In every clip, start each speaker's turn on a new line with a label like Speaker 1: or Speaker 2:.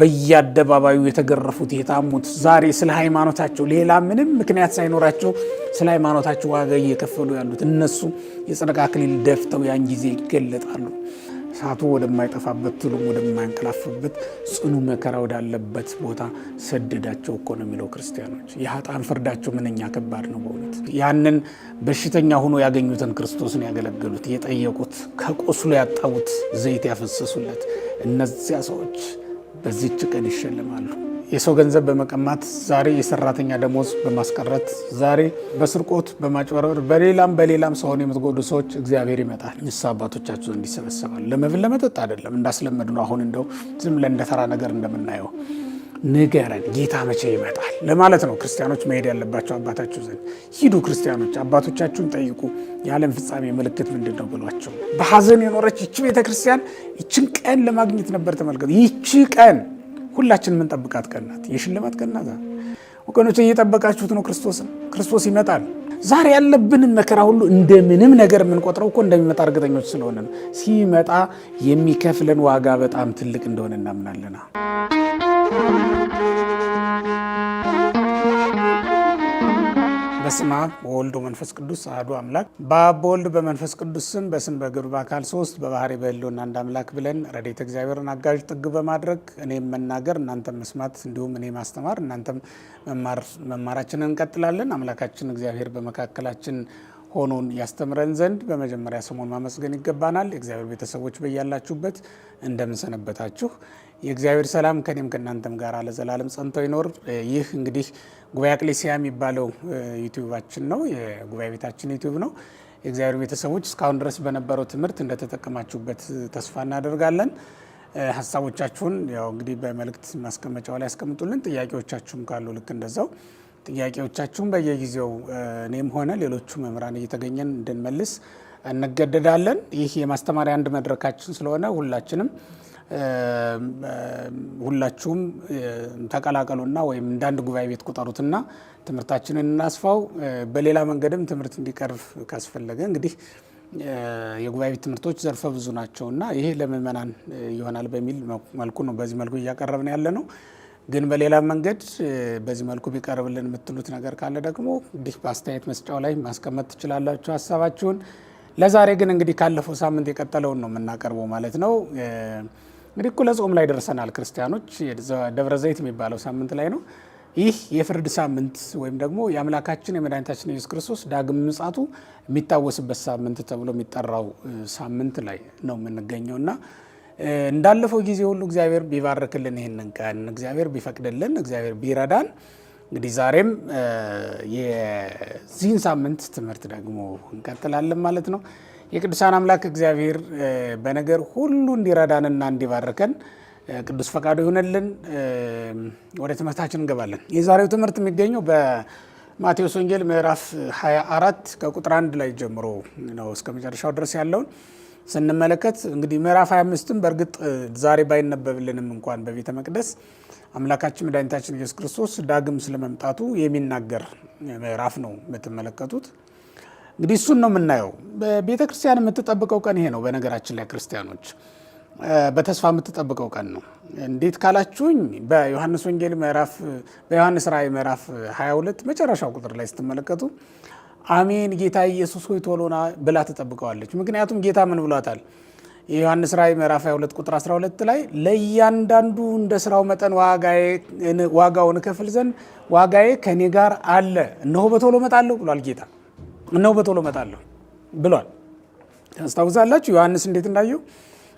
Speaker 1: በየአደባባዩ የተገረፉት የታሙት ዛሬ ስለ ሃይማኖታቸው ሌላ ምንም ምክንያት ሳይኖራቸው ስለ ሃይማኖታቸው ዋጋ እየከፈሉ ያሉት እነሱ የጽድቅ አክሊል ደፍተው ያን ጊዜ ይገለጣሉ። እሳቱ ወደማይጠፋበት ትሉም ወደማያንቀላፍበት ጽኑ መከራ ወዳለበት ቦታ ሰደዳቸው እኮ ነው የሚለው ክርስቲያኖች። የሀጣን ፍርዳቸው ምንኛ ከባድ ነው በእውነት። ያንን በሽተኛ ሆኖ ያገኙትን ክርስቶስን ያገለገሉት፣ የጠየቁት፣ ከቆስሉ ያጣቡት፣ ዘይት ያፈሰሱለት እነዚያ ሰዎች በዚች ቀን ይሸልማሉ። የሰው ገንዘብ በመቀማት ዛሬ የሰራተኛ ደሞዝ በማስቀረት ዛሬ በስርቆት በማጭበረበር በሌላም በሌላም ሰውን የምትጎዱ ሰዎች እግዚአብሔር ይመጣል ንስሐ አባቶቻችሁ እንዲሰበሰባል። ለመብል ለመጠጥ አይደለም እንዳስለመድ ነው። አሁን እንደው ዝም ለእንደተራ ነገር እንደምናየው ንገረን ጌታ መቼ ይመጣል ለማለት ነው ክርስቲያኖች መሄድ ያለባቸው አባታችሁ ዘንድ ሂዱ ክርስቲያኖች አባቶቻችሁን ጠይቁ የዓለም ፍጻሜ ምልክት ምንድን ነው ብሏቸው በሐዘን የኖረች ይቺ ቤተ ክርስቲያን ይችን ቀን ለማግኘት ነበር ተመልከቱ ይቺ ቀን ሁላችን የምንጠብቃት ቀን ናት የሽልማት ቀን ናት ወገኖች እየጠበቃችሁት ነው ክርስቶስን ክርስቶስ ይመጣል ዛሬ ያለብንን መከራ ሁሉ እንደምንም ነገር የምንቆጥረው እኮ እንደሚመጣ እርግጠኞች ስለሆነ ሲመጣ የሚከፍለን ዋጋ በጣም ትልቅ እንደሆነ እናምናለና በስመ አብ ወወልድ ወመንፈስ ቅዱስ አሐዱ አምላክ። በአብ በወልድ በመንፈስ ቅዱስ ስም በስም በግብር በአካል ሶስት በባህሪ በሕልውና አንድ አምላክ ብለን ረድኤተ እግዚአብሔርን አጋዥ ጥግ በማድረግ እኔም መናገር እናንተም መስማት እንዲሁም እኔ ማስተማር እናንተም መማራችንን እንቀጥላለን። አምላካችን እግዚአብሔር በመካከላችን ሆኖን ያስተምረን ዘንድ በመጀመሪያ ስሙን ማመስገን ይገባናል። የእግዚአብሔር ቤተሰቦች በያላችሁበት እንደምንሰነበታችሁ የእግዚአብሔር ሰላም ከኔም ከእናንተም ጋር ለዘላለም ጸንቶ ይኖር። ይህ እንግዲህ ጉባኤ አቅሌሲያ የሚባለው ዩቲዩባችን ነው፣ የጉባኤ ቤታችን ዩቲዩብ ነው። የእግዚአብሔር ቤተሰቦች እስካሁን ድረስ በነበረው ትምህርት እንደተጠቀማችሁበት ተስፋ እናደርጋለን። ሀሳቦቻችሁን ያው እንግዲህ በመልእክት ማስቀመጫው ላይ ያስቀምጡልን። ጥያቄዎቻችሁም ካሉ ልክ እንደዛው ጥያቄዎቻችሁም በየጊዜው እኔም ሆነ ሌሎቹ መምህራን እየተገኘን እንድንመልስ እንገደዳለን። ይህ የማስተማሪያ አንድ መድረካችን ስለሆነ ሁላችንም ሁላችሁም ተቀላቀሉና ወይም እንዳንድ ጉባኤ ቤት ቁጠሩትና ትምህርታችንን እናስፋው። በሌላ መንገድም ትምህርት እንዲቀርብ ካስፈለገ እንግዲህ የጉባኤ ቤት ትምህርቶች ዘርፈ ብዙ ናቸውና ይሄ ለምእመናን ይሆናል በሚል መልኩ ነው በዚህ መልኩ እያቀረብን ያለ ነው። ግን በሌላ መንገድ በዚህ መልኩ ቢቀርብልን የምትሉት ነገር ካለ ደግሞ እንዲህ በአስተያየት መስጫው ላይ ማስቀመጥ ትችላላችሁ ሀሳባችሁን። ለዛሬ ግን እንግዲህ ካለፈው ሳምንት የቀጠለውን ነው የምናቀርበው ማለት ነው። እንግዲህ እኩለ ጾም ላይ ደርሰናል። ክርስቲያኖች ደብረ ዘይት የሚባለው ሳምንት ላይ ነው። ይህ የፍርድ ሳምንት ወይም ደግሞ የአምላካችን የመድኃኒታችን ኢየሱስ ክርስቶስ ዳግም ምጻቱ የሚታወስበት ሳምንት ተብሎ የሚጠራው ሳምንት ላይ ነው የምንገኘው እና እንዳለፈው ጊዜ ሁሉ እግዚአብሔር ቢባርክልን ይህንን ቀን እግዚአብሔር ቢፈቅድልን እግዚአብሔር ቢረዳን እንግዲህ ዛሬም የዚህን ሳምንት ትምህርት ደግሞ እንቀጥላለን ማለት ነው። የቅዱሳን አምላክ እግዚአብሔር በነገር ሁሉ እንዲረዳንና እንዲባርከን ቅዱስ ፈቃዱ ይሁንልን። ወደ ትምህርታችን እንገባለን። የዛሬው ትምህርት የሚገኘው በማቴዎስ ወንጌል ምዕራፍ 24 ከቁጥር 1 ላይ ጀምሮ ነው እስከ መጨረሻው ድረስ ያለውን ስንመለከት እንግዲህ ምዕራፍ 25ም በእርግጥ ዛሬ ባይነበብልንም እንኳን በቤተ መቅደስ አምላካችን መድኃኒታችን ኢየሱስ ክርስቶስ ዳግም ስለመምጣቱ የሚናገር ምዕራፍ ነው የምትመለከቱት። እንግዲህ እሱን ነው የምናየው። ቤተ ክርስቲያን የምትጠብቀው ቀን ይሄ ነው። በነገራችን ላይ ክርስቲያኖች በተስፋ የምትጠብቀው ቀን ነው። እንዴት ካላችሁኝ በዮሐንስ ወንጌል ምዕራፍ በዮሐንስ ራእይ ምዕራፍ 22 መጨረሻው ቁጥር ላይ ስትመለከቱ አሜን ጌታ ኢየሱስ ሆይ ቶሎና ብላ ትጠብቀዋለች። ምክንያቱም ጌታ ምን ብሏታል? የዮሐንስ ራእይ ምዕራፍ 22 ቁጥር 12 ላይ ለእያንዳንዱ እንደ ስራው መጠን ዋጋውን እከፍል ዘንድ ዋጋዬ ከኔ ጋር አለ፣ እነሆ በቶሎ እመጣለሁ ብሏል ጌታ። እነው በቶሎ መጣለሁ ብሏል። ታስታውሳላችሁ ዮሐንስ እንዴት እንዳየው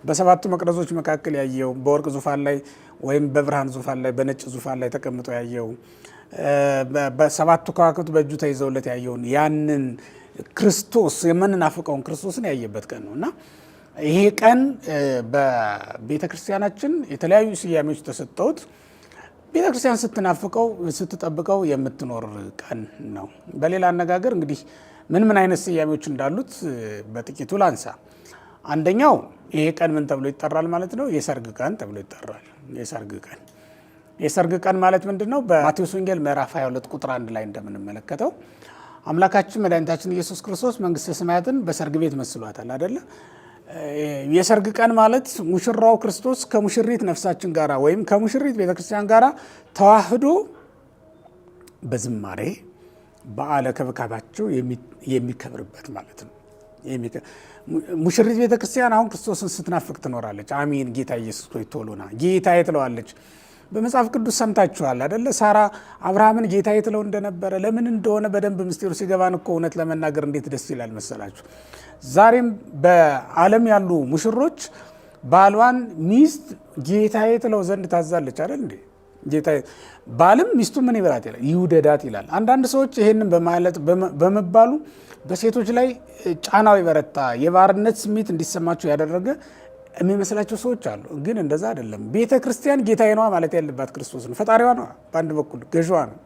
Speaker 1: በሰባቱ መቅረዞች መካከል ያየው በወርቅ ዙፋን ላይ ወይም በብርሃን ዙፋን ላይ በነጭ ዙፋን ላይ ተቀምጦ ያየው በሰባቱ ከዋክብት በእጁ ተይዘውለት ያየውን ያንን ክርስቶስ የምንናፍቀውን ክርስቶስን ያየበት ቀን ነው እና ይሄ ቀን በቤተ ክርስቲያናችን የተለያዩ ስያሜዎች ተሰጠውት። ቤተ ክርስቲያን ስትናፍቀው ስትጠብቀው የምትኖር ቀን ነው። በሌላ አነጋገር እንግዲህ ምን ምን አይነት ስያሜዎች እንዳሉት በጥቂቱ ላንሳ። አንደኛው ይሄ ቀን ምን ተብሎ ይጠራል ማለት ነው? የሰርግ ቀን ተብሎ ይጠራል። የሰርግ ቀን የሰርግ ቀን ማለት ምንድን ነው? በማቴዎስ ወንጌል ምዕራፍ 22 ቁጥር አንድ ላይ እንደምንመለከተው አምላካችን መድኃኒታችን ኢየሱስ ክርስቶስ መንግስተ ሰማያትን በሰርግ ቤት መስሏታል አደለ? የሰርግ ቀን ማለት ሙሽራው ክርስቶስ ከሙሽሪት ነፍሳችን ጋራ ወይም ከሙሽሪት ቤተክርስቲያን ጋራ ተዋህዶ በዝማሬ በዓለ ከብካባቸው የሚከብርበት ማለት ነው። ሙሽሪት ቤተ ክርስቲያን አሁን ክርስቶስን ስትናፍቅ ትኖራለች። አሜን ጌታ ኢየሱስ ሆይ ቶሎና ጌታዬ ትለዋለች። በመጽሐፍ ቅዱስ ሰምታችኋል አደለ? ሳራ አብርሃምን ጌታዬ ትለው እንደነበረ ለምን እንደሆነ በደንብ ምስጢሩ ሲገባን እኮ እውነት ለመናገር እንዴት ደስ ይላል መሰላችሁ። ዛሬም በዓለም ያሉ ሙሽሮች ባሏን ሚስት ጌታዬ ትለው ዘንድ ታዛለች አደል እንዴ? ጌታ ባልም ሚስቱ ምን ይበላት ይላል ይውደዳት ይላል። አንዳንድ ሰዎች ይህንን በማለት በመባሉ በሴቶች ላይ ጫናው ይበረታ የባርነት ስሜት እንዲሰማቸው ያደረገ የሚመስላቸው ሰዎች አሉ። ግን እንደዛ አይደለም። ቤተ ክርስቲያን ጌታዬ ነዋ ማለት ያለባት ክርስቶስ ነው፣ ፈጣሪዋ ነዋ፣ በአንድ በኩል ገዥዋ ነው።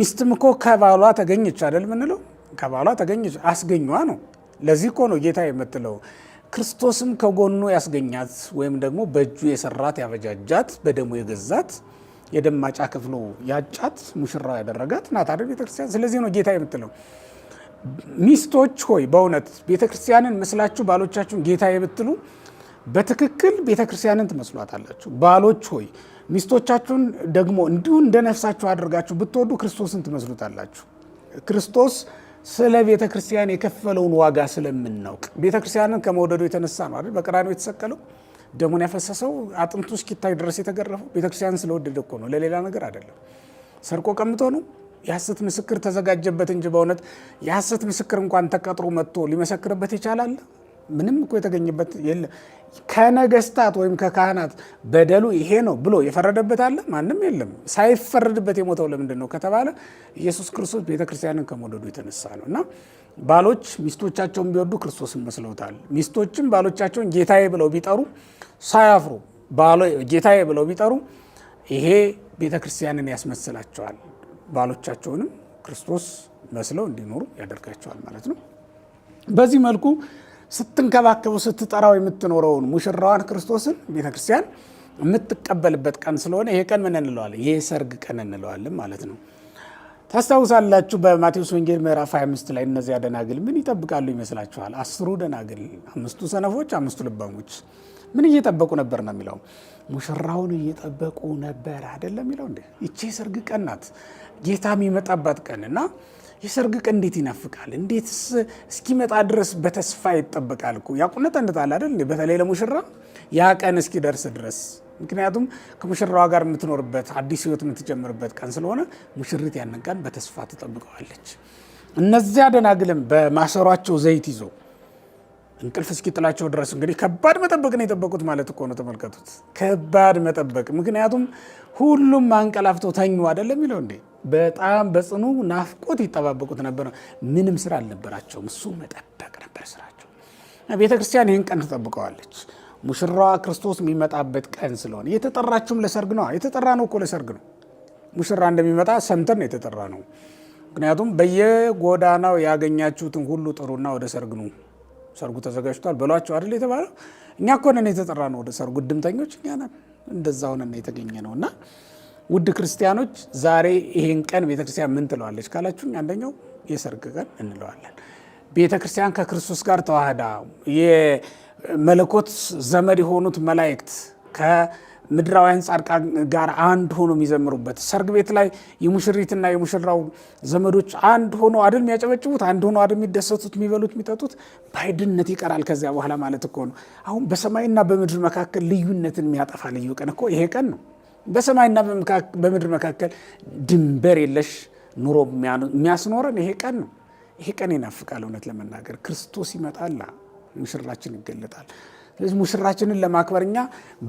Speaker 1: ሚስትም እኮ ከባሏ ተገኘች አይደል? ምንለው ከባሏ ተገኘች አስገኟ ነው። ለዚህ እኮ ነው ጌታ የምትለው ክርስቶስም ከጎኑ ያስገኛት ወይም ደግሞ በእጁ የሰራት ያበጃጃት በደሙ የገዛት የደማጫ ክፍሎ ያጫት ሙሽራ ያደረጋት ናት አይደል ቤተክርስቲያን። ስለዚህ ነው ጌታ የምትለው ሚስቶች ሆይ በእውነት ቤተክርስቲያንን መስላችሁ ባሎቻችሁን ጌታ የምትሉ በትክክል ቤተክርስቲያንን ትመስሏታላችሁ። ባሎች ሆይ ሚስቶቻችሁን ደግሞ እንዲሁ እንደ ነፍሳችሁ አድርጋችሁ ብትወዱ ክርስቶስን ትመስሉታላችሁ። ክርስቶስ ስለ ቤተ ክርስቲያን የከፈለውን ዋጋ ስለምናውቅ ቤተ ክርስቲያንን ከመውደዱ የተነሳ ነው አይደል? በቀራንዮ የተሰቀለው ደሙን ያፈሰሰው አጥንቱ እስኪታይ ድረስ የተገረፈው ቤተ ክርስቲያን ስለወደደ እኮ ነው፣ ለሌላ ነገር አይደለም። ሰርቆ ቀምቶ ነው። የሐሰት ምስክር ተዘጋጀበት እንጂ በእውነት የሐሰት ምስክር እንኳን ተቀጥሮ መጥቶ ሊመሰክርበት ይቻላል? ምንም እኮ የተገኘበት የለም። ከነገስታት ወይም ከካህናት በደሉ ይሄ ነው ብሎ የፈረደበት አለ? ማንም የለም። ሳይፈረድበት የሞተው ለምንድን ነው ከተባለ ኢየሱስ ክርስቶስ ቤተክርስቲያንን ከመውደዱ የተነሳ ነው እና ባሎች ሚስቶቻቸውን ቢወዱ ክርስቶስን መስለውታል። ሚስቶችም ባሎቻቸውን ጌታዬ ብለው ቢጠሩ ሳያፍሩ ጌታዬ ብለው ቢጠሩ ይሄ ቤተክርስቲያንን ያስመስላቸዋል። ባሎቻቸውንም ክርስቶስ መስለው እንዲኖሩ ያደርጋቸዋል ማለት ነው። በዚህ መልኩ ስትንከባከበው ስትጠራው የምትኖረውን ሙሽራዋን ክርስቶስን ቤተክርስቲያን የምትቀበልበት ቀን ስለሆነ ይሄ ቀን ምን እንለዋለን? ይሄ ሰርግ ቀን እንለዋለን ማለት ነው። ታስታውሳላችሁ በማቴዎስ ወንጌል ምዕራፍ 25 ላይ እነዚያ ደናግል ምን ይጠብቃሉ ይመስላችኋል? አስሩ ደናግል፣ አምስቱ ሰነፎች፣ አምስቱ ልባሞች ምን እየጠበቁ ነበር ነው የሚለው? ሙሽራውን እየጠበቁ ነበር አይደለም የሚለው። እንዴ ይቼ ሰርግ ቀን ናት፣ ጌታ የሚመጣባት ቀን እና የሰርግ ቀን እንዴት ይናፍቃል! እንዴት እስኪመጣ ድረስ በተስፋ ይጠበቃል እኮ ያቁነት እንደታል አይደል? በተለይ ለሙሽራ ያ ቀን እስኪደርስ ድረስ ምክንያቱም ከሙሽራዋ ጋር የምትኖርበት አዲስ ህይወት የምትጀምርበት ቀን ስለሆነ ሙሽሪት ያንን በተስፋ ትጠብቀዋለች። እነዚያ ደናግልም በማሰሯቸው ዘይት ይዘው እንቅልፍ እስኪጥላቸው ድረስ እንግዲህ ከባድ መጠበቅ ነው የጠበቁት ማለት እኮ ነው። ተመልከቱት፣ ከባድ መጠበቅ። ምክንያቱም ሁሉም አንቀላፍቶ ተኙ አይደለም የሚለው እንዴ። በጣም በጽኑ ናፍቆት ይጠባበቁት ነበር። ምንም ስራ አልነበራቸውም፣ እሱ መጠበቅ ነበር ስራቸው። ቤተ ክርስቲያን ይህን ቀን ትጠብቀዋለች። ሙሽራዋ ክርስቶስ የሚመጣበት ቀን ስለሆነ የተጠራችሁም ለሰርግ ነው። የተጠራ ነው እኮ ለሰርግ ነው። ሙሽራ እንደሚመጣ ሰምተን ነው የተጠራ ነው። ምክንያቱም በየጎዳናው ያገኛችሁትን ሁሉ ጥሩና ወደ ሰርግ ነው ሰርጉ ተዘጋጅቷል ብሏቸው አይደል የተባለው። እኛ እኮ ነን የተጠራ ነው ወደ ሰርጉ ድምተኞች እኛ ነን። እንደዛ ሆነን የተገኘ ነው እና ውድ ክርስቲያኖች ዛሬ ይሄን ቀን ቤተክርስቲያን ምን ትለዋለች ካላችሁ አንደኛው የሰርግ ቀን እንለዋለን። ቤተክርስቲያን ከክርስቶስ ጋር ተዋህዳ የመለኮት ዘመድ የሆኑት መላእክት ምድራውያን ጻድቃን ጋር አንድ ሆኖ የሚዘምሩበት ሰርግ ቤት ላይ የሙሽሪትና የሙሽራው ዘመዶች አንድ ሆኖ አይደል የሚያጨበጭቡት፣ አንድ ሆኖ አይደል የሚደሰቱት፣ የሚበሉት፣ የሚጠጡት። ባይድነት ይቀራል ከዚያ በኋላ ማለት እኮ ነው። አሁን በሰማይና በምድር መካከል ልዩነትን የሚያጠፋ ልዩ ቀን እኮ ይሄ ቀን ነው። በሰማይና በምድር መካከል ድንበር የለሽ ኑሮ የሚያስኖረን ይሄ ቀን ነው። ይሄ ቀን ይናፍቃል። እውነት ለመናገር ክርስቶስ ይመጣላ፣ ሙሽራችን ይገለጣል። ስለዚህ ሙስራችንን ለማክበር እኛ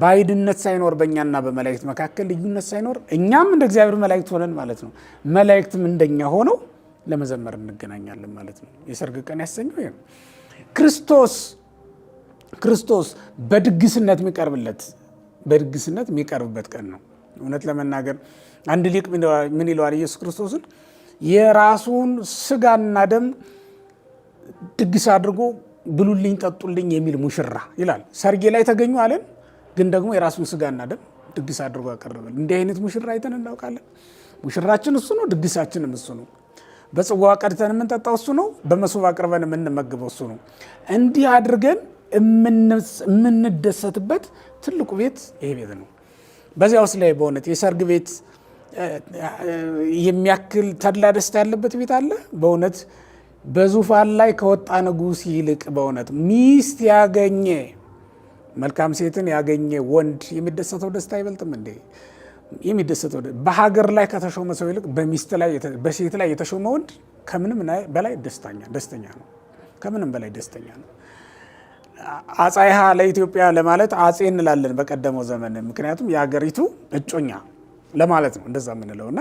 Speaker 1: ባይድነት ሳይኖር በእኛና በመላእክት መካከል ልዩነት ሳይኖር እኛም እንደ እግዚአብሔር መላእክት ሆነን ማለት ነው፣ መላእክትም እንደኛ ሆነው ለመዘመር እንገናኛለን ማለት ነው። የሰርግ ቀን ያሰኘው ይሄ ክርስቶስ ክርስቶስ በድግስነት የሚቀርብለት በድግስነት የሚቀርብበት ቀን ነው። እውነት ለመናገር አንድ ሊቅ ምን ይለዋል? ኢየሱስ ክርስቶስን የራሱን ስጋና ደም ድግስ አድርጎ ብሉልኝ ጠጡልኝ የሚል ሙሽራ ይላል። ሰርጌ ላይ ተገኙ አለን፣ ግን ደግሞ የራሱን ስጋና ደም ድግስ አድርጎ ያቀረበል። እንዲህ አይነት ሙሽራ አይተን እናውቃለን። ሙሽራችን እሱ ነው፣ ድግሳችንም እሱ ነው። በጽዋ ቀድተን የምንጠጣው እሱ ነው፣ በመሶብ አቅርበን የምንመግበው እሱ ነው። እንዲህ አድርገን የምንደሰትበት ትልቁ ቤት ይሄ ቤት ነው። በዚያ ውስጥ ላይ በእውነት የሰርግ ቤት የሚያክል ተድላ ደስታ ያለበት ቤት አለ በእውነት በዙፋን ላይ ከወጣ ንጉሥ ይልቅ በእውነት ሚስት ያገኘ መልካም ሴትን ያገኘ ወንድ የሚደሰተው ደስታ አይበልጥም እንዴ? የሚደሰተው በሀገር ላይ ከተሾመ ሰው ይልቅ በሚስት ላይ በሴት ላይ የተሾመ ወንድ ከምንም በላይ ደስተኛ ደስተኛ ነው። ከምንም በላይ ደስተኛ ነው። አጻይሃ ለኢትዮጵያ ለማለት አጼ እንላለን በቀደመው ዘመን፣ ምክንያቱም የሀገሪቱ እጮኛ ለማለት ነው እንደዛ የምንለውና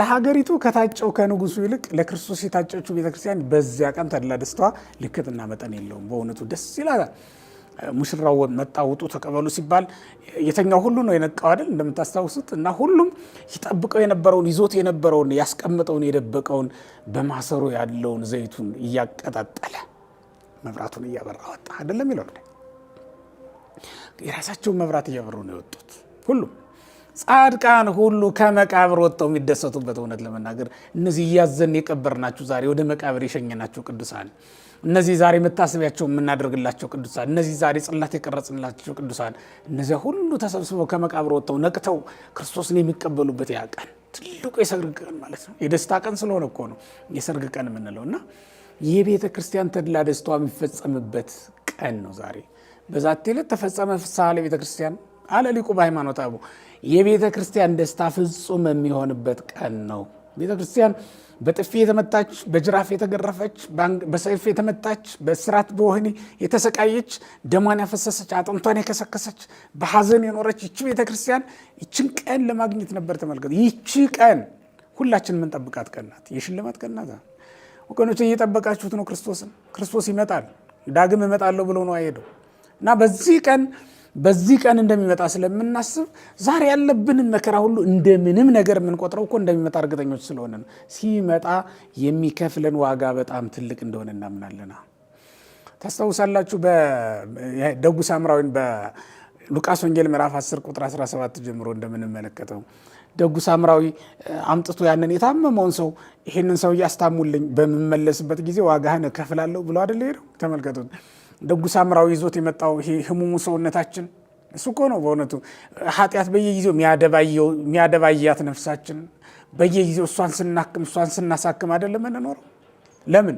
Speaker 1: ለሀገሪቱ ከታጨው ከንጉሱ ይልቅ ለክርስቶስ የታጨችው ቤተክርስቲያን በዚያ ቀን ተድላ ደስታዋ ልክትና መጠን የለውም። በእውነቱ ደስ ይላል። ሙሽራው መጣ፣ ውጡ ተቀበሉ ሲባል የተኛው ሁሉ ነው የነቃው አይደል? እንደምታስታውሱት እና ሁሉም ይጠብቀው የነበረውን ይዞት የነበረውን ያስቀምጠውን የደበቀውን በማሰሮ ያለውን ዘይቱን እያቀጣጠለ መብራቱን እያበራ ወጣ አይደለም ይለው የራሳቸውን መብራት እያበሩ ነው የወጡት ሁሉም ጻድቃን ሁሉ ከመቃብር ወጥተው የሚደሰቱበት እውነት ለመናገር እነዚህ እያዘን የቀበርናችሁ ዛሬ ወደ መቃብር የሸኘናችሁ ቅዱሳን እነዚህ ዛሬ መታሰቢያቸው የምናደርግላቸው ቅዱሳን እነዚህ ዛሬ ጽላት የቀረጽንላቸው ቅዱሳን እነዚያ ሁሉ ተሰብስበው ከመቃብር ወጥተው ነቅተው ክርስቶስን የሚቀበሉበት ያ ቀን ትልቁ የሰርግ ቀን ማለት ነው። የደስታ ቀን ስለሆነ እኮ ነው የሰርግ ቀን የምንለው እና የቤተ ክርስቲያን ተድላ ደስቷ የሚፈጸምበት ቀን ነው ዛሬ። በዛቴ ዕለት ተፈጸመ ፍስሐ ለቤተ ክርስቲያን አለ ሊቁ በሃይማኖት አበው የቤተ ክርስቲያን ደስታ ፍጹም የሚሆንበት ቀን ነው። ቤተ ክርስቲያን በጥፊ የተመታች፣ በጅራፍ የተገረፈች፣ በሰይፍ የተመታች፣ በስራት በወህኒ የተሰቃየች፣ ደሟን ያፈሰሰች፣ አጥንቷን የከሰከሰች፣ በሐዘን የኖረች ይቺ ቤተ ክርስቲያን ይችን ቀን ለማግኘት ነበር። ተመልከቱ፣ ይቺ ቀን ሁላችን የምንጠብቃት ቀን ናት። የሽልማት ቀን ናት። ወገኖች እየጠበቃችሁት ነው ክርስቶስን። ክርስቶስ ይመጣል። ዳግም እመጣለሁ ብሎ ነው አሄደው እና በዚህ ቀን በዚህ ቀን እንደሚመጣ ስለምናስብ ዛሬ ያለብንን መከራ ሁሉ እንደምንም ነገር የምንቆጥረው እኮ እንደሚመጣ እርግጠኞች ስለሆነ ነው። ሲመጣ የሚከፍለን ዋጋ በጣም ትልቅ እንደሆነ እናምናለና ታስታውሳላችሁ። ደጉ ሳምራዊን በሉቃስ ወንጌል ምዕራፍ 10 ቁጥር 17 ጀምሮ እንደምንመለከተው ደጉ ሳምራዊ አምጥቶ ያንን የታመመውን ሰው ይህንን ሰው እያስታሙልኝ በምመለስበት ጊዜ ዋጋህን እከፍላለሁ ብሎ አደለ ሄደው። ተመልከቱት ደጉ ሳምራዊ ይዞት የመጣው ይሄ ህሙሙ ሰውነታችን እሱ እኮ ነው በእውነቱ ኃጢአት በየጊዜው የሚያደባያት ነፍሳችን በየጊዜው እሷን ስናክም እሷን ስናሳክም አይደለም እንኖረው። ለምን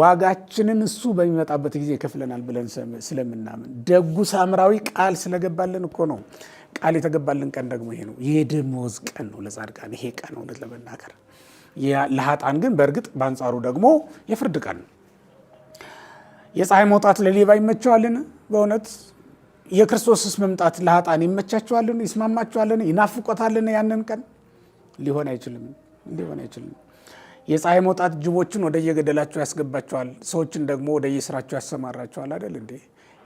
Speaker 1: ዋጋችንን እሱ በሚመጣበት ጊዜ ይከፍለናል ብለን ስለምናምን ደጉ ሳምራዊ ቃል ስለገባልን እኮ ነው። ቃል የተገባልን ቀን ደግሞ ይሄ ነው፣ የደመወዝ ቀን ነው ለጻድቃን ይሄ ቀን እውነት ለመናገር ለሀጣን ግን በእርግጥ በአንጻሩ ደግሞ የፍርድ ቀን ነው። የፀሐይ መውጣት ለሌባ ይመቸዋልን? በእውነት የክርስቶስስ መምጣት ለሀጣን ይመቻቸዋልን? ይስማማቸዋልን? ይናፍቆታልን? ያንን ቀን ሊሆን አይችልም፣ ሊሆን አይችልም። የፀሐይ መውጣት ጅቦችን ወደየገደላቸው ያስገባቸዋል፣ ሰዎችን ደግሞ ወደየስራቸው ያሰማራቸዋል። አደል እንዴ?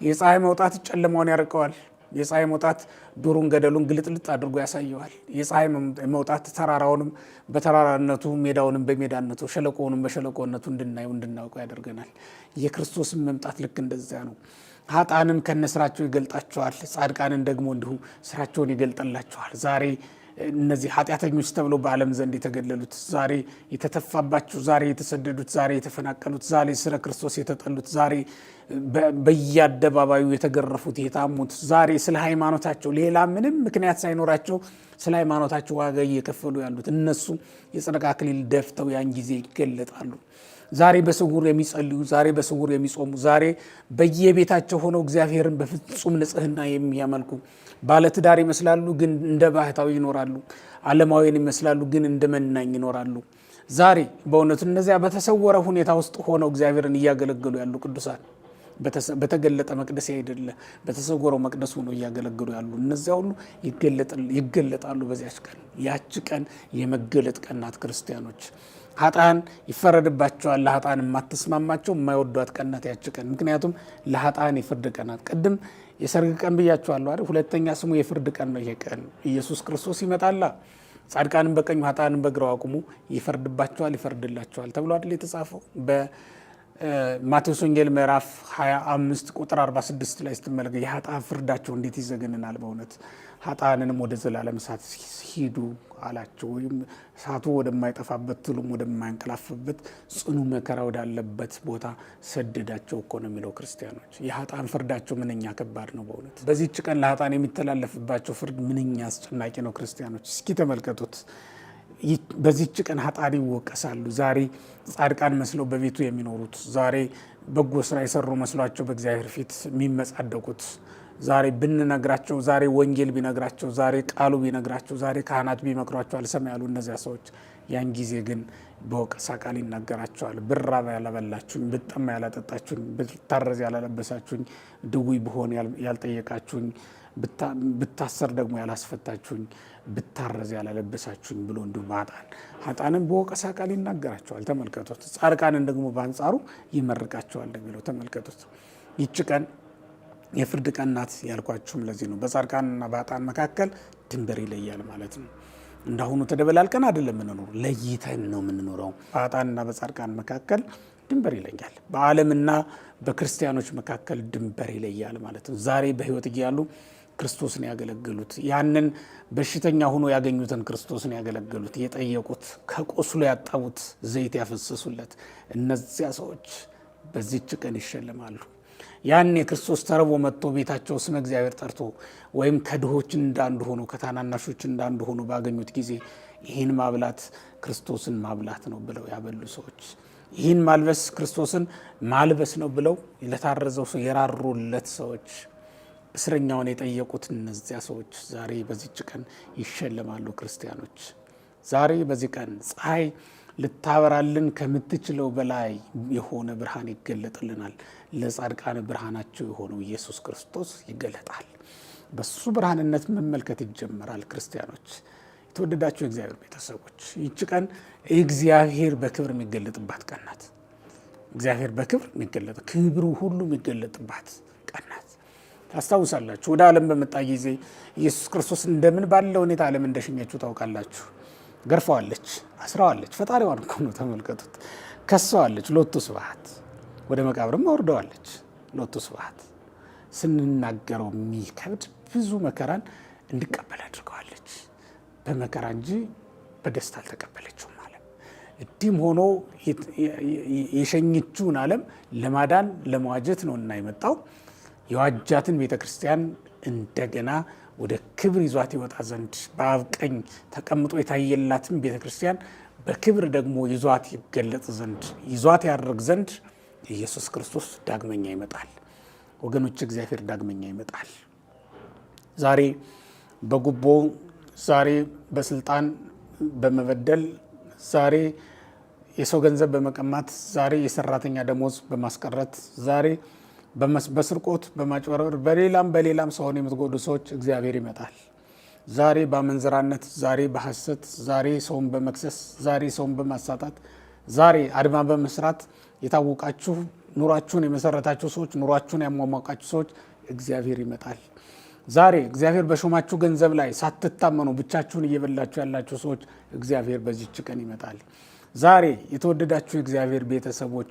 Speaker 1: የፀሐይ መውጣት ጨለማውን ያርቀዋል። የፀሐይ መውጣት ዱሩን ገደሉን ግልጥልጥ አድርጎ ያሳየዋል። የፀሐይ መውጣት ተራራውንም በተራራነቱ ሜዳውንም በሜዳነቱ ሸለቆውንም በሸለቆነቱ እንድናየው እንድናውቀው ያደርገናል። የክርስቶስን መምጣት ልክ እንደዚያ ነው። ሀጣንን ከነስራቸው ይገልጣቸዋል፣ ጻድቃንን ደግሞ እንዲሁ ስራቸውን ይገልጠላቸዋል። ዛሬ እነዚህ ኃጢአተኞች ተብሎ በዓለም ዘንድ የተገለሉት፣ ዛሬ የተተፋባቸው፣ ዛሬ የተሰደዱት፣ ዛሬ የተፈናቀሉት፣ ዛሬ ስለ ክርስቶስ የተጠሉት፣ ዛሬ በየአደባባዩ የተገረፉት፣ የታሙት፣ ዛሬ ስለ ሃይማኖታቸው ሌላ ምንም ምክንያት ሳይኖራቸው ስለ ሃይማኖታቸው ዋጋ እየከፈሉ ያሉት እነሱ የጽድቅ አክሊል ደፍተው ያን ጊዜ ይገለጣሉ። ዛሬ በስውር የሚጸልዩ፣ ዛሬ በስውር የሚጾሙ፣ ዛሬ በየቤታቸው ሆነው እግዚአብሔርን በፍጹም ንጽህና የሚያመልኩ ባለትዳር ይመስላሉ፣ ግን እንደ ባህታዊ ይኖራሉ። ዓለማዊን ይመስላሉ፣ ግን እንደ መናኝ ይኖራሉ። ዛሬ በእውነቱ እነዚያ በተሰወረ ሁኔታ ውስጥ ሆነው እግዚአብሔርን እያገለገሉ ያሉ ቅዱሳን በተገለጠ መቅደስ አይደለ፣ በተሰወረው መቅደስ ሆኖ እያገለገሉ ያሉ። እነዚያ ሁሉ ይገለጣሉ በዚያች ቀን። ያች ቀን የመገለጥ ቀናት ክርስቲያኖች ሀጣን ይፈረድባቸዋል። ለሀጣን የማትስማማቸው የማይወዷት ቀናት ያች ቀን። ምክንያቱም ለሀጣን የፍርድ ቀናት ቅድም የሰርግ ቀን ብያቸዋለሁ አይደል? ሁለተኛ ስሙ የፍርድ ቀን ነው። ይሄ ቀን ኢየሱስ ክርስቶስ ይመጣላ። ጻድቃንን በቀኙ ሀጣንን በግራው አቁሙ ይፈርድባቸዋል፣ ይፈርድላቸዋል ተብሎ አይደል የተጻፈው ማቴዎስ ወንጌል ምዕራፍ 25 ቁጥር 46 ላይ ስትመለከ የኃጥአን ፍርዳቸው እንዴት ይዘገንናል! በእውነት ኃጥአንንም ወደ ዘላለም እሳት ሂዱ አላቸው። ወይም እሳቱ ወደማይጠፋበት ትሉም ወደማያንቀላፍበት ጽኑ መከራ ወዳለበት ቦታ ሰደዳቸው እኮ ነው የሚለው። ክርስቲያኖች የኃጥአን ፍርዳቸው ምንኛ ከባድ ነው በእውነት በዚች ቀን ለኃጥአን የሚተላለፍባቸው ፍርድ ምንኛ አስጨናቂ ነው። ክርስቲያኖች እስኪ ተመልከቱት። በዚች ቀን ኃጣን ይወቀሳሉ። ዛሬ ጻድቃን መስለው በቤቱ የሚኖሩት፣ ዛሬ በጎ ስራ የሰሩ መስሏቸው በእግዚአብሔር ፊት የሚመጻደቁት፣ ዛሬ ብንነግራቸው፣ ዛሬ ወንጌል ቢነግራቸው፣ ዛሬ ቃሉ ቢነግራቸው፣ ዛሬ ካህናት ቢመክሯቸው አልሰማ ያሉ እነዚያ ሰዎች ያን ጊዜ ግን በወቀሳ ቃል ይናገራቸዋል። ብራብ ያላበላችሁኝ፣ ብጠማ ያላጠጣችሁኝ፣ ብታረዝ ያላለበሳችሁኝ፣ ድውይ ብሆን ያልጠየቃችሁኝ ብታሰር ደግሞ ያላስፈታችሁኝ፣ ብታረዝ ያላለበሳችሁኝ ብሎ እንዲሁ በኃጥአን ሀጣንን በወቀሳ ቃል ይናገራቸዋል። ተመልከቱት። ጻድቃንን ደግሞ በአንጻሩ ይመርቃቸዋል እንደሚለው ተመልከቱት። ይች ቀን የፍርድ ቀን ናት ያልኳችሁም ለዚህ ነው። በጻድቃንና በኃጥአን መካከል ድንበር ይለያል ማለት ነው። እንዳሁኑ ተደበላልቀን አይደለም የምንኖሩ፣ ለይተን ነው የምንኖረው። በኃጥአንና በጻድቃን መካከል ድንበር ይለያል። በዓለምና በክርስቲያኖች መካከል ድንበር ይለያል ማለት ነው። ዛሬ በህይወት እያሉ ክርስቶስን ያገለገሉት ያንን በሽተኛ ሆኖ ያገኙትን ክርስቶስን ያገለገሉት፣ የጠየቁት፣ ከቆስሎ ያጠቡት፣ ዘይት ያፈሰሱለት እነዚያ ሰዎች በዚች ቀን ይሸልማሉ። ያን የክርስቶስ ተርቦ መጥቶ ቤታቸው ስመ እግዚአብሔር ጠርቶ ወይም ከድሆች እንዳንዱ ሆኖ ከታናናሾች እንዳንዱ ሆኖ ባገኙት ጊዜ ይህን ማብላት ክርስቶስን ማብላት ነው ብለው ያበሉ ሰዎች፣ ይህን ማልበስ ክርስቶስን ማልበስ ነው ብለው ለታረዘው ሰው የራሩለት ሰዎች እስረኛውን የጠየቁት እነዚያ ሰዎች ዛሬ በዚች ቀን ይሸለማሉ። ክርስቲያኖች ዛሬ በዚህ ቀን ፀሐይ ልታበራልን ከምትችለው በላይ የሆነ ብርሃን ይገለጥልናል። ለጻድቃን ብርሃናቸው የሆነው ኢየሱስ ክርስቶስ ይገለጣል። በሱ ብርሃንነት መመልከት ይጀመራል። ክርስቲያኖች የተወደዳቸው የእግዚአብሔር ቤተሰቦች ይች ቀን እግዚአብሔር በክብር የሚገለጥባት ቀናት እግዚአብሔር በክብር የሚገለጥ ክብሩ ሁሉ የሚገለጥባት ቀን ናት። ታስታውሳላችሁ። ወደ ዓለም በመጣ ጊዜ ኢየሱስ ክርስቶስ እንደምን ባለ ሁኔታ ዓለም እንደሸኘችው ታውቃላችሁ። ገርፈዋለች፣ አስራዋለች። ፈጣሪዋን እኮ ነው ተመልከቱት። ከሰዋለች፣ ሎቱ ስብሐት። ወደ መቃብርም አውርደዋለች፣ ሎቱ ስብሐት። ስንናገረው የሚከብድ ብዙ መከራን እንድቀበል አድርገዋለች። በመከራ እንጂ በደስታ አልተቀበለችውም። ዓለም ሆኖ የሸኘችውን ዓለም ለማዳን ለመዋጀት ነው እና የመጣው የዋጃትን ቤተ ክርስቲያን እንደገና ወደ ክብር ይዟት ይወጣ ዘንድ በአብ ቀኝ ተቀምጦ የታየላትን ቤተ ክርስቲያን በክብር ደግሞ ይዟት ይገለጽ ዘንድ ይዟት ያደርግ ዘንድ ኢየሱስ ክርስቶስ ዳግመኛ ይመጣል። ወገኖች እግዚአብሔር ዳግመኛ ይመጣል። ዛሬ በጉቦ ዛሬ በስልጣን በመበደል ዛሬ የሰው ገንዘብ በመቀማት ዛሬ የሰራተኛ ደሞዝ በማስቀረት ዛሬ በስርቆት በማጭበርበር በሌላም በሌላም ሰውን የምትጎዱ ሰዎች እግዚአብሔር ይመጣል። ዛሬ በአመንዝራነት፣ ዛሬ በሐሰት፣ ዛሬ ሰውን በመክሰስ፣ ዛሬ ሰውን በማሳጣት፣ ዛሬ አድማ በመስራት የታወቃችሁ ኑሯችሁን የመሰረታችሁ ሰዎች፣ ኑሯችሁን ያሟሟቃችሁ ሰዎች እግዚአብሔር ይመጣል። ዛሬ እግዚአብሔር በሾማችሁ ገንዘብ ላይ ሳትታመኑ ብቻችሁን እየበላችሁ ያላችሁ ሰዎች እግዚአብሔር በዚች ቀን ይመጣል። ዛሬ የተወደዳችሁ የእግዚአብሔር ቤተሰቦች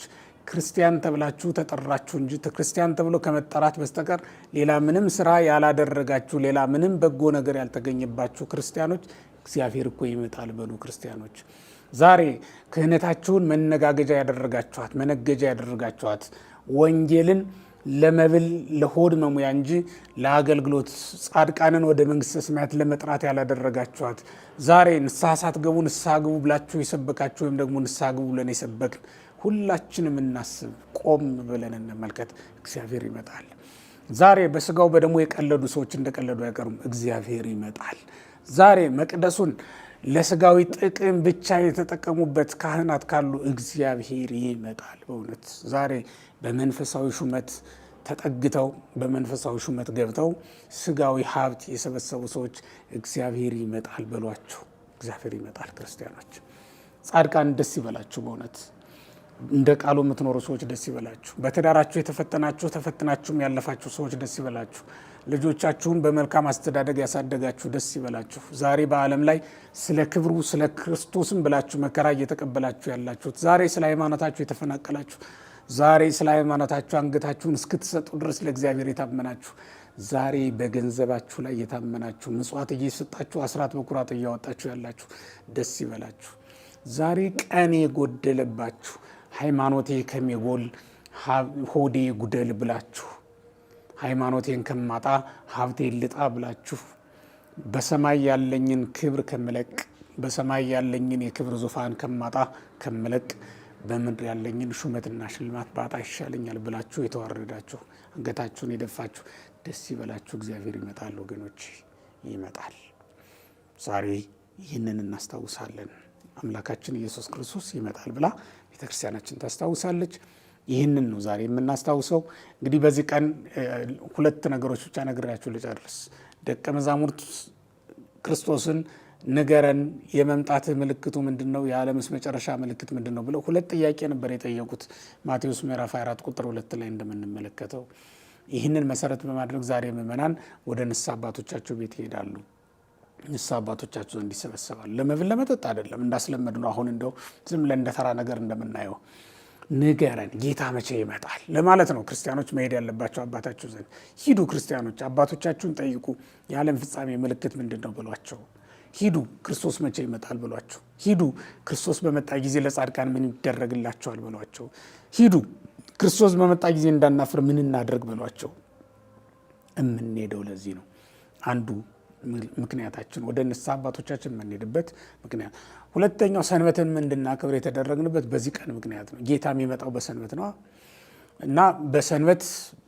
Speaker 1: ክርስቲያን ተብላችሁ ተጠራችሁ እንጂ ክርስቲያን ተብሎ ከመጠራት በስተቀር ሌላ ምንም ስራ ያላደረጋችሁ ሌላ ምንም በጎ ነገር ያልተገኘባችሁ ክርስቲያኖች እግዚአብሔር እኮ ይመጣል በሉ። ክርስቲያኖች ዛሬ ክህነታችሁን መነጋገጃ ያደረጋችኋት መነገጃ ያደረጋችኋት ወንጌልን ለመብል ለሆድ መሙያ እንጂ ለአገልግሎት ጻድቃንን ወደ መንግስተ ሰማያት ለመጥራት ያላደረጋችኋት ዛሬ ንስሐ ሳትገቡ ንስሐ ግቡ ብላችሁ የሰበካችሁ ወይም ደግሞ ንስሐ ግቡ ብለን የሰበክን ሁላችንም እናስብ፣ ቆም ብለን እንመልከት። እግዚአብሔር ይመጣል። ዛሬ በስጋው በደሞ የቀለዱ ሰዎች እንደቀለዱ አይቀሩም። እግዚአብሔር ይመጣል። ዛሬ መቅደሱን ለስጋዊ ጥቅም ብቻ የተጠቀሙበት ካህናት ካሉ እግዚአብሔር ይመጣል። በእውነት ዛሬ በመንፈሳዊ ሹመት ተጠግተው በመንፈሳዊ ሹመት ገብተው ስጋዊ ሀብት የሰበሰቡ ሰዎች እግዚአብሔር ይመጣል በሏቸው። እግዚአብሔር ይመጣል። ክርስቲያኖች ጻድቃን ደስ ይበላችሁ በእውነት እንደ ቃሉ የምትኖሩ ሰዎች ደስ ይበላችሁ። በትዳራችሁ የተፈተናችሁ ተፈትናችሁም ያለፋችሁ ሰዎች ደስ ይበላችሁ። ልጆቻችሁን በመልካም አስተዳደግ ያሳደጋችሁ ደስ ይበላችሁ። ዛሬ በዓለም ላይ ስለ ክብሩ ስለ ክርስቶስም ብላችሁ መከራ እየተቀበላችሁ ያላችሁት፣ ዛሬ ስለ ሃይማኖታችሁ የተፈናቀላችሁ፣ ዛሬ ስለ ሃይማኖታችሁ አንገታችሁን እስክትሰጡ ድረስ ለእግዚአብሔር የታመናችሁ፣ ዛሬ በገንዘባችሁ ላይ የታመናችሁ፣ ምጽዋት እየሰጣችሁ አስራት በኩራት እያወጣችሁ ያላችሁ ደስ ይበላችሁ። ዛሬ ቀን የጎደለባችሁ ሃይማኖቴ ከሚጎል ሆዴ ጉደል ብላችሁ ሃይማኖቴን ከማጣ ሀብቴ ልጣ ብላችሁ በሰማይ ያለኝን ክብር ከምለቅ በሰማይ ያለኝን የክብር ዙፋን ከማጣ ከምለቅ በምድር ያለኝን ሹመትና ሽልማት ባጣ ይሻለኛል ብላችሁ የተዋረዳችሁ አንገታችሁን የደፋችሁ ደስ ይበላችሁ። እግዚአብሔር ይመጣል፣ ወገኖች ይመጣል። ዛሬ ይህንን እናስታውሳለን። አምላካችን ኢየሱስ ክርስቶስ ይመጣል ብላ ቤተክርስቲያናችን ታስታውሳለች። ይህንን ነው ዛሬ የምናስታውሰው። እንግዲህ በዚህ ቀን ሁለት ነገሮች ብቻ ነግሬያችሁ ልጨርስ። ደቀ መዛሙርት ክርስቶስን ንገረን፣ የመምጣት ምልክቱ ምንድን ነው? የዓለምስ መጨረሻ ምልክት ምንድን ነው ብለው ሁለት ጥያቄ ነበር የጠየቁት። ማቴዎስ ምዕራፍ 24 ቁጥር ሁለት ላይ እንደምንመለከተው ይህንን መሰረት በማድረግ ዛሬ ምዕመናን ወደ ንስሐ አባቶቻቸው ቤት ይሄዳሉ። ንስሐ አባቶቻቸው ዘንድ ይሰበሰባሉ። ለመብል ለመጠጥ አይደለም እንዳስለመድ ነው። አሁን እንደው ዝም ብለን ተራ ነገር እንደምናየው ንገረን ጌታ መቼ ይመጣል ለማለት ነው ክርስቲያኖች መሄድ ያለባቸው አባታቸው ዘንድ። ሂዱ ክርስቲያኖች አባቶቻችሁን ጠይቁ። የዓለም ፍጻሜ ምልክት ምንድን ነው ብሏቸው ሂዱ ክርስቶስ መቼ ይመጣል ብሏቸው ሂዱ ክርስቶስ በመጣ ጊዜ ለጻድቃን ምን ይደረግላቸዋል ብሏቸው ሂዱ ክርስቶስ በመጣ ጊዜ እንዳናፍር ምን እናድርግ ብሏቸው። እምንሄደው ለዚህ ነው አንዱ ምክንያታችን ወደ ንስሐ አባቶቻችን የምንሄድበት ምክንያት። ሁለተኛው ሰንበትን እንድናከብር የተደረግንበት በዚህ ቀን ምክንያት ነው። ጌታ የሚመጣው በሰንበት ነው እና በሰንበት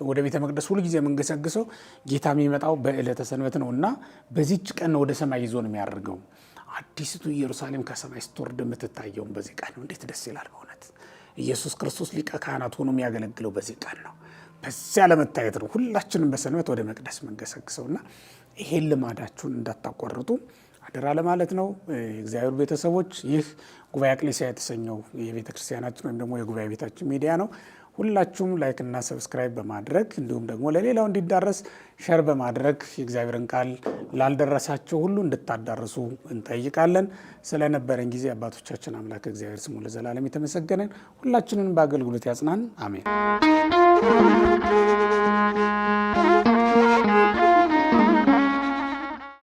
Speaker 1: ወደ ቤተ መቅደስ ሁልጊዜ ጊዜ የምንገሰግሰው ጌታ የሚመጣው በዕለተ ሰንበት ነው እና በዚች ቀን ወደ ሰማይ ይዞ ነው የሚያደርገው። አዲስቱ ኢየሩሳሌም ከሰማይ ስትወርድ የምትታየውን በዚህ ቀን ነው። እንዴት ደስ ይላል! በእውነት ኢየሱስ ክርስቶስ ሊቀ ካህናት ሆኖ የሚያገለግለው በዚህ ቀን ነው። በዚያ ለመታየት ነው ሁላችንም በሰንበት ወደ መቅደስ የምንገሰግሰውና ይሄን ልማዳችሁን እንዳታቋርጡ አደራ ለማለት ነው። የእግዚአብሔር ቤተሰቦች፣ ይህ ጉባኤ አቅሌሲያ የተሰኘው የቤተ ክርስቲያናችን ወይም ደግሞ የጉባኤ ቤታችን ሚዲያ ነው። ሁላችሁም ላይክና ሰብስክራይብ በማድረግ እንዲሁም ደግሞ ለሌላው እንዲዳረስ ሸር በማድረግ የእግዚአብሔርን ቃል ላልደረሳቸው ሁሉ እንድታዳርሱ እንጠይቃለን። ስለነበረን ጊዜ አባቶቻችን አምላክ እግዚአብሔር ስሙ ለዘላለም የተመሰገነን፣ ሁላችንን በአገልግሎት ያጽናን። አሜን።